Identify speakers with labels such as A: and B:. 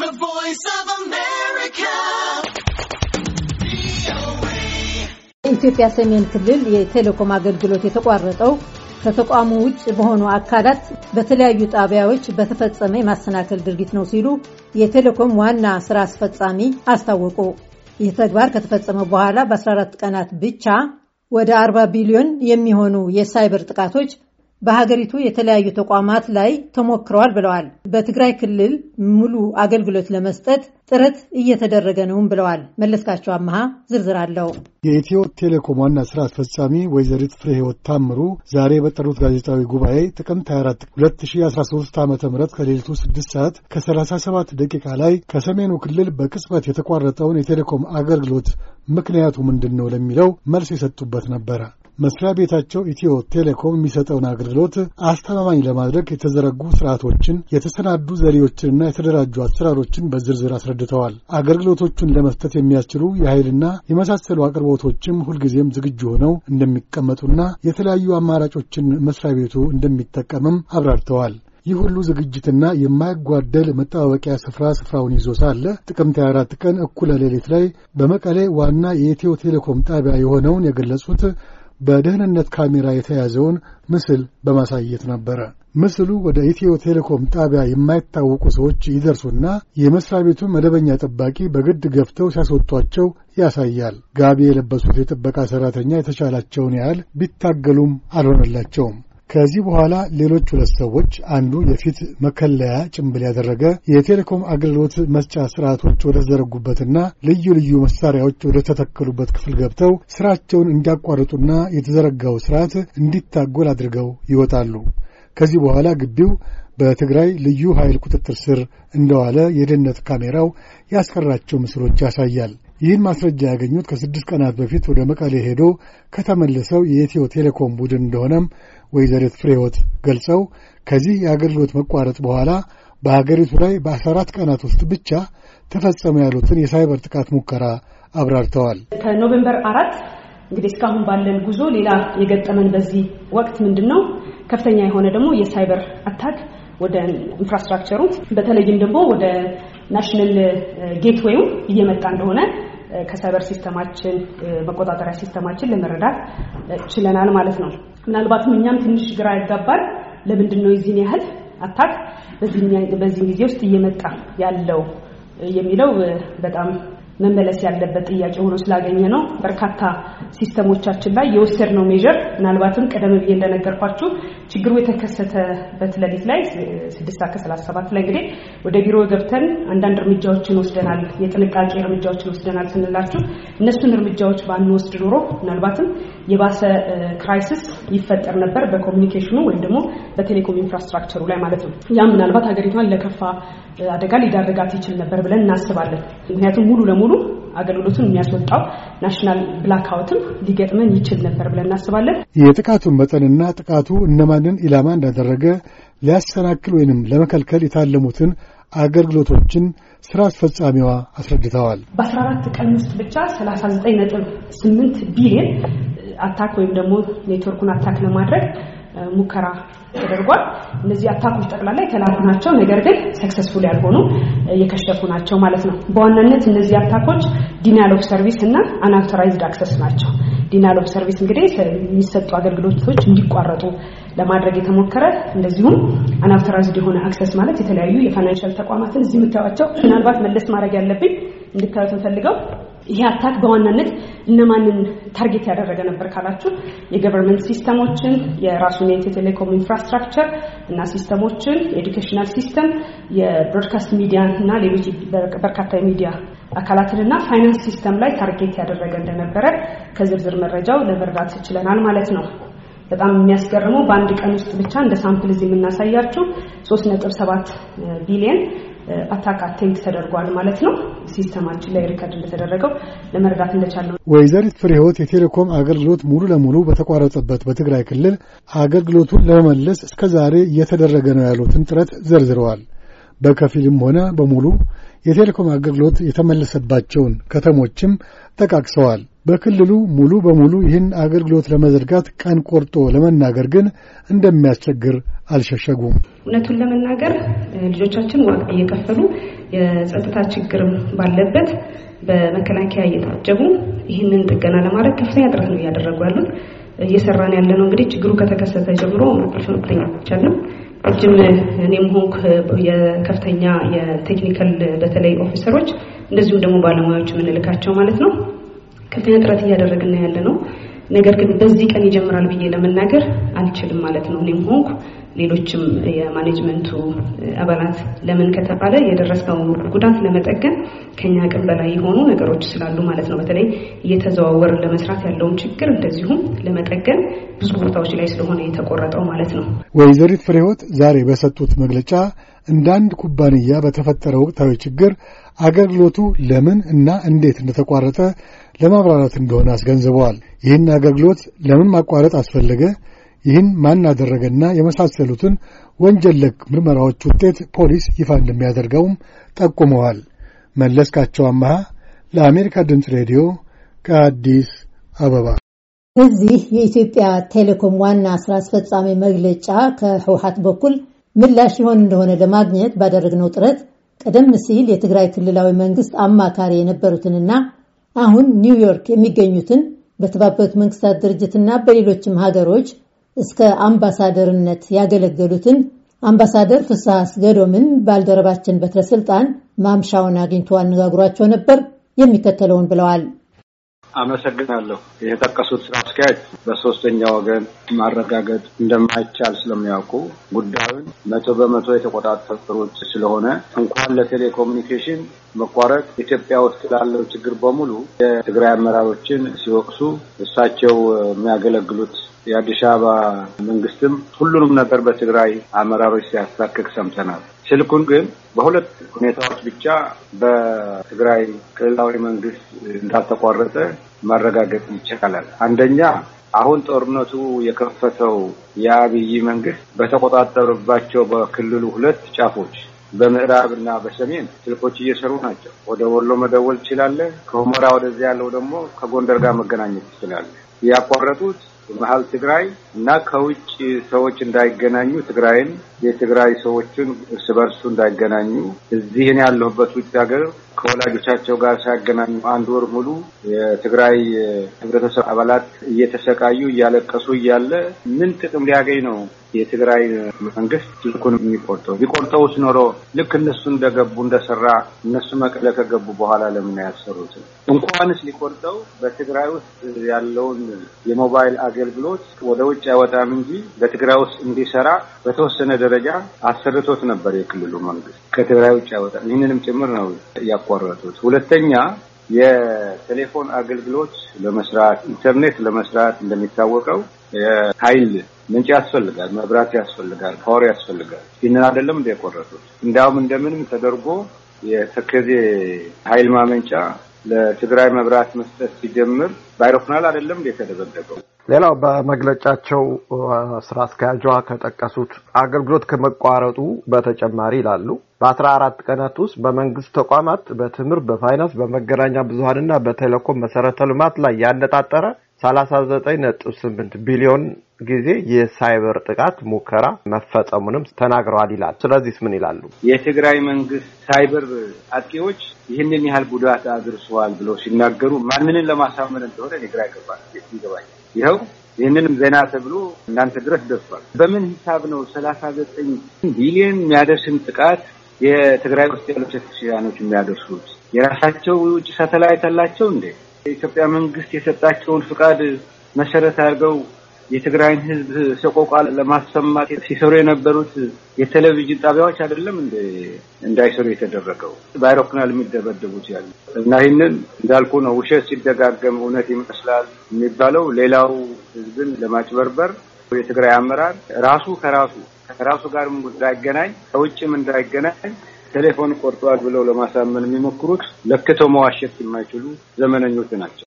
A: The Voice of America. የኢትዮጵያ ሰሜን ክልል የቴሌኮም አገልግሎት የተቋረጠው ከተቋሙ ውጭ በሆኑ አካላት በተለያዩ ጣቢያዎች በተፈጸመ የማሰናከል ድርጊት ነው ሲሉ የቴሌኮም ዋና ስራ አስፈጻሚ አስታወቁ። ይህ ተግባር ከተፈጸመ በኋላ በ14 ቀናት ብቻ ወደ 40 ቢሊዮን የሚሆኑ የሳይበር ጥቃቶች በሀገሪቱ የተለያዩ ተቋማት ላይ ተሞክረዋል ብለዋል። በትግራይ ክልል ሙሉ አገልግሎት ለመስጠት ጥረት እየተደረገ ነውም ብለዋል። መለስካቸው አመሃ ዝርዝር አለው።
B: የኢትዮ ቴሌኮም ዋና ስራ አስፈጻሚ ወይዘሪት ፍሬ ህይወት ታምሩ ዛሬ በጠሩት ጋዜጣዊ ጉባኤ ጥቅምት 24 2013 ዓ ም ከሌሊቱ 6 ሰዓት ከ37 ደቂቃ ላይ ከሰሜኑ ክልል በቅጽበት የተቋረጠውን የቴሌኮም አገልግሎት ምክንያቱ ምንድን ነው ለሚለው መልስ የሰጡበት ነበረ። መስሪያ ቤታቸው ኢትዮ ቴሌኮም የሚሰጠውን አገልግሎት አስተማማኝ ለማድረግ የተዘረጉ ስርዓቶችን፣ የተሰናዱ ዘዴዎችንና የተደራጁ አሰራሮችን በዝርዝር አስረድተዋል። አገልግሎቶቹን ለመስጠት የሚያስችሉ የኃይልና የመሳሰሉ አቅርቦቶችም ሁልጊዜም ዝግጁ ሆነው እንደሚቀመጡና የተለያዩ አማራጮችን መስሪያ ቤቱ እንደሚጠቀምም አብራርተዋል። ይህ ሁሉ ዝግጅትና የማይጓደል መጠባበቂያ ስፍራ ስፍራውን ይዞ ሳለ ጥቅምት 24 ቀን እኩለ ሌሊት ላይ በመቀሌ ዋና የኢትዮ ቴሌኮም ጣቢያ የሆነውን የገለጹት በደህንነት ካሜራ የተያዘውን ምስል በማሳየት ነበረ። ምስሉ ወደ ኢትዮ ቴሌኮም ጣቢያ የማይታወቁ ሰዎች ይደርሱና የመስሪያ ቤቱን መደበኛ ጠባቂ በግድ ገፍተው ሲያስወጧቸው ያሳያል። ጋቢ የለበሱት የጥበቃ ሠራተኛ የተቻላቸውን ያህል ቢታገሉም አልሆነላቸውም። ከዚህ በኋላ ሌሎች ሁለት ሰዎች አንዱ የፊት መከለያ ጭንብል ያደረገ የቴሌኮም አገልግሎት መስጫ ስርዓቶች ወደተዘረጉበትና ልዩ ልዩ መሳሪያዎች ወደ ተተከሉበት ክፍል ገብተው ስራቸውን እንዲያቋርጡና የተዘረጋው ስርዓት እንዲታጎል አድርገው ይወጣሉ። ከዚህ በኋላ ግቢው በትግራይ ልዩ ኃይል ቁጥጥር ስር እንደዋለ የደህንነት ካሜራው ያስቀራቸው ምስሎች ያሳያል። ይህን ማስረጃ ያገኙት ከስድስት ቀናት በፊት ወደ መቀሌ ሄዶ ከተመለሰው የኢትዮ ቴሌኮም ቡድን እንደሆነም ወይዘሪት ፍሬህይወት ገልጸው ከዚህ የአገልግሎት መቋረጥ በኋላ በሀገሪቱ ላይ በአስራ አራት ቀናት ውስጥ ብቻ ተፈጸመ ያሉትን የሳይበር ጥቃት ሙከራ አብራርተዋል።
C: ከኖቬምበር አራት እንግዲህ እስካሁን ባለን ጉዞ ሌላ የገጠመን በዚህ ወቅት ምንድን ነው? ከፍተኛ የሆነ ደግሞ የሳይበር አታክ ወደ ኢንፍራስትራክቸሩ በተለይም ደግሞ ወደ ናሽናል ጌትዌይም እየመጣ እንደሆነ ከሳይበር ሲስተማችን መቆጣጠሪያ ሲስተማችን ለመረዳት ችለናል ማለት ነው። ምናልባትም እኛም ትንሽ ግራ ያጋባል። ለምንድን ነው የዚህን ያህል አታክ በዚህ ጊዜ ውስጥ እየመጣ ያለው የሚለው በጣም መመለስ ያለበት ጥያቄ ሆኖ ስላገኘ ነው። በርካታ ሲስተሞቻችን ላይ የወሰድነው ሜዥር ምናልባትም ቀደም ብዬ እንደነገርኳችሁ ችግሩ የተከሰተበት ሌሊት ላይ ስድስት ከ ሰላሳ ሰባት ላይ እንግዲህ ወደ ቢሮ ገብተን አንዳንድ እርምጃዎችን ወስደናል፣ የጥንቃቄ እርምጃዎችን ወስደናል ስንላችሁ እነሱን እርምጃዎች ባንወስድ ኖሮ ምናልባትም የባሰ ክራይሲስ ይፈጠር ነበር በኮሚኒኬሽኑ ወይም ደግሞ በቴሌኮም ኢንፍራስትራክቸሩ ላይ ማለት ነው። ያ ምናልባት ሀገሪቷን ለከፋ አደጋ ሊዳረጋት ይችል ነበር ብለን እናስባለን። ምክንያቱም ሙሉ ለሙሉ አገልግሎቱን የሚያስወጣው ናሽናል ብላክአውትም ሊገጥመን ይችል ነበር ብለን እናስባለን።
B: የጥቃቱን መጠንና ጥቃቱ እነማንን ኢላማ እንዳደረገ ሊያሰናክል ወይንም ለመከልከል የታለሙትን አገልግሎቶችን ስራ አስፈጻሚዋ አስረድተዋል።
C: በ14 ቀን ውስጥ ብቻ 39.8 ቢሊዮን አታክ ወይም ደግሞ ኔትወርኩን አታክ ለማድረግ ሙከራ ተደርጓል። እነዚህ አታኮች ጠቅላላ የተላኩ ናቸው፣ ነገር ግን ሰክሰስፉል ያልሆኑ የከሸፉ ናቸው ማለት ነው። በዋናነት እነዚህ አታኮች ዲናል ኦፍ ሰርቪስ እና አንአውቶራይዝድ አክሰስ ናቸው። ዲናል ኦፍ ሰርቪስ እንግዲህ የሚሰጡ አገልግሎቶች እንዲቋረጡ ለማድረግ የተሞከረ እንደዚሁም አንአውቶራይዝድ የሆነ አክሰስ ማለት የተለያዩ የፋይናንሻል ተቋማትን እዚህ የምታዩቸው ምናልባት መለስ ማድረግ ያለብኝ እንድታዩት ፈልገው ይሄ አታክ በዋናነት እነማንን ታርጌት ያደረገ ነበር ካላችሁ የገቨርንመንት ሲስተሞችን፣ የራሱን የቴሌኮም ኢንፍራስትራክቸር እና ሲስተሞችን፣ የኤዱኬሽናል ሲስተም፣ የብሮድካስት ሚዲያ እና ሌሎች በርካታ የሚዲያ አካላትንና ፋይናንስ ሲስተም ላይ ታርጌት ያደረገ እንደነበረ ከዝርዝር መረጃው ለመረዳት ችለናል ማለት ነው። በጣም የሚያስገርመው በአንድ ቀን ውስጥ ብቻ እንደ ሳምፕል እዚህ የምናሳያችሁ 3.7 ቢሊየን አታክ uh, አቴንት ተደርጓል ማለት ነው። ሲስተማችን ላይ ሪከርድ እንደተደረገው ለመረዳት እንደቻለው
B: ወይዘሪት ፍሬህይወት የቴሌኮም አገልግሎት ሙሉ ለሙሉ በተቋረጠበት በትግራይ ክልል አገልግሎቱን ለመመለስ እስከ ዛሬ እየተደረገ ነው ያሉትን ጥረት ዘርዝረዋል። በከፊልም ሆነ በሙሉ የቴሌኮም አገልግሎት የተመለሰባቸውን ከተሞችም ጠቃቅሰዋል። በክልሉ ሙሉ በሙሉ ይህን አገልግሎት ለመዘርጋት ቀን ቆርጦ ለመናገር ግን እንደሚያስቸግር አልሸሸጉም።
C: እውነቱን ለመናገር ልጆቻችን ዋጋ እየከፈሉ የጸጥታ ችግርም ባለበት በመከላከያ እየታጀቡ ይህንን ጥገና ለማድረግ ከፍተኛ ጥረት ነው እያደረጉ ያሉት። እየሰራን ያለ ነው እንግዲህ ችግሩ ከተከሰተ ጀምሮ ማቅረፍ ነው ረጅም እኔም ሆንኩ የከፍተኛ የቴክኒካል በተለይ ኦፊሰሮች እንደዚሁም ደግሞ ባለሙያዎች የምንልካቸው ማለት ነው ከፍተኛ ጥረት እያደረግን ያለ ነው። ነገር ግን በዚህ ቀን ይጀምራል ብዬ ለመናገር አልችልም ማለት ነው እኔም ሆንኩ ሌሎችም የማኔጅመንቱ አባላት ለምን ከተባለ የደረሰው ጉዳት ለመጠገን ከኛ አቅም በላይ የሆኑ ነገሮች ስላሉ ማለት ነው። በተለይ እየተዘዋወር ለመስራት ያለውን ችግር እንደዚሁም ለመጠገን ብዙ ቦታዎች ላይ ስለሆነ የተቆረጠው ማለት ነው።
B: ወይዘሪት ፍሬህይወት ዛሬ በሰጡት መግለጫ እንደ አንድ ኩባንያ በተፈጠረ ወቅታዊ ችግር አገልግሎቱ ለምን እና እንዴት እንደተቋረጠ ለማብራራት እንደሆነ አስገንዝበዋል። ይህን አገልግሎት ለምን ማቋረጥ አስፈለገ ይህን ማን አደረገና የመሳሰሉትን ወንጀለክ ምርመራዎች ውጤት ፖሊስ ይፋ እንደሚያደርገውም ጠቁመዋል። መለስካቸው አመሃ ለአሜሪካ ድምፅ ሬዲዮ ከአዲስ አበባ።
A: እዚህ የኢትዮጵያ ቴሌኮም ዋና ስራ አስፈጻሚ መግለጫ ከህወሀት በኩል ምላሽ ይሆን እንደሆነ ለማግኘት ባደረግነው ጥረት ቀደም ሲል የትግራይ ክልላዊ መንግስት አማካሪ የነበሩትንና አሁን ኒውዮርክ የሚገኙትን በተባበሩት መንግስታት ድርጅትና በሌሎችም ሀገሮች እስከ አምባሳደርነት ያገለገሉትን አምባሳደር ፍስሐ አስገዶምን ባልደረባችን በትረ ስልጣን ማምሻውን አግኝቶ አነጋግሯቸው ነበር። የሚከተለውን ብለዋል።
D: አመሰግናለሁ። የተጠቀሱት ስራ አስኪያጅ በሶስተኛ ወገን ማረጋገጥ እንደማይቻል ስለሚያውቁ ጉዳዩን መቶ በመቶ የተቆጣጠሩት ስለሆነ እንኳን ለቴሌኮሙኒኬሽን መቋረጥ ኢትዮጵያ ውስጥ ላለው ችግር በሙሉ የትግራይ አመራሮችን ሲወቅሱ እሳቸው የሚያገለግሉት የአዲስ አበባ መንግስትም ሁሉንም ነገር በትግራይ አመራሮች ሲያስታክክ ሰምተናል። ስልኩን ግን በሁለት ሁኔታዎች ብቻ በትግራይ ክልላዊ መንግስት እንዳልተቋረጠ ማረጋገጥ ይቻላል። አንደኛ አሁን ጦርነቱ የከፈተው የአብይ መንግስት በተቆጣጠሩባቸው በክልሉ ሁለት ጫፎች በምዕራብ እና በሰሜን ስልኮች እየሰሩ ናቸው። ወደ ወሎ መደወል ትችላለህ። ከሁመራ ወደዚያ ያለው ደግሞ ከጎንደር ጋር መገናኘት ትችላለህ። ያቋረጡት በመሀል ትግራይ እና ከውጭ ሰዎች እንዳይገናኙ ትግራይን የትግራይ ሰዎችን እርስ በርሱ እንዳይገናኙ እዚህን ያለሁበት ውጭ ሀገር ከወላጆቻቸው ጋር ሳያገናኙ አንድ ወር ሙሉ የትግራይ ህብረተሰብ አባላት እየተሰቃዩ እያለቀሱ እያለ ምን ጥቅም ሊያገኝ ነው የትግራይ መንግስት ስልኩን የሚቆርጠው ቢቆርጠውስ ኖሮ ልክ እነሱ እንደገቡ እንደሰራ እነሱ መቀለ ከገቡ በኋላ ለምን ያሰሩት? እንኳንስ ሊቆርጠው በትግራይ ውስጥ ያለውን የሞባይል አገልግሎት ወደ ውጭ አይወጣም እንጂ በትግራይ ውስጥ እንዲሰራ በተወሰነ ደረጃ አሰርቶት ነበር የክልሉ መንግስት። ከትግራይ ውጭ አይወጣም። ይህንንም ጭምር ነው ያቋረጡት። ሁለተኛ የቴሌፎን አገልግሎት ለመስራት ኢንተርኔት ለመስራት እንደሚታወቀው የኃይል ምንጭ ያስፈልጋል፣ መብራት ያስፈልጋል፣ ፓወር ያስፈልጋል። ይህንን አይደለም እንደ የቆረጡት። እንዲያውም እንደምንም ተደርጎ የተከዜ ኃይል ማመንጫ ለትግራይ መብራት መስጠት ሲጀምር በአይሮፕላን አይደለም እንደ የተደበደበው። ሌላው በመግለጫቸው ስራ አስኪያጇ ከጠቀሱት አገልግሎት ከመቋረጡ በተጨማሪ ይላሉ በአስራ አራት ቀናት ውስጥ በመንግስት ተቋማት፣ በትምህርት፣ በፋይናንስ፣ በመገናኛ ብዙሀንና በቴሌኮም መሰረተ ልማት ላይ ያነጣጠረ 39.8 ቢሊዮን ጊዜ የሳይበር ጥቃት ሙከራ መፈጸሙንም ተናግረዋል ይላል። ስለዚህ ምን ይላሉ? የትግራይ መንግስት ሳይበር አጥቂዎች ይህንን ያህል ጉዳት አድርሰዋል ብለው ሲናገሩ ማንንን ለማሳመን እንደሆነ ግራ ይገባል ይኸው ይህንንም ዜና ተብሎ እናንተ ድረስ ደርሷል። በምን ሂሳብ ነው ሰላሳ ዘጠኝ ቢሊዮን የሚያደርስን ጥቃት የትግራይ ውስጥ ያሉ ቴክኒሽያኖች የሚያደርሱት? የራሳቸው ውጭ ሳተላይት አላቸው እንዴ? የኢትዮጵያ መንግስት የሰጣቸውን ፍቃድ መሰረት አድርገው የትግራይን ህዝብ ሰቆቃ ለማሰማት ሲሰሩ የነበሩት የቴሌቪዥን ጣቢያዎች አይደለም እንዳይሰሩ የተደረገው ባይሮክናል የሚደበደቡት ያሉ እና ይህንን እንዳልኩ ነው። ውሸት ሲደጋገም እውነት ይመስላል የሚባለው ሌላው ህዝብን ለማጭበርበር የትግራይ አመራር ራሱ ከራሱ ከራሱ ጋርም እንዳይገናኝ ከውጭም እንዳይገናኝ ቴሌፎን ቆርጧል ብለው ለማሳመን የሚሞክሩት ለክተው መዋሸት የማይችሉ ዘመነኞች ናቸው።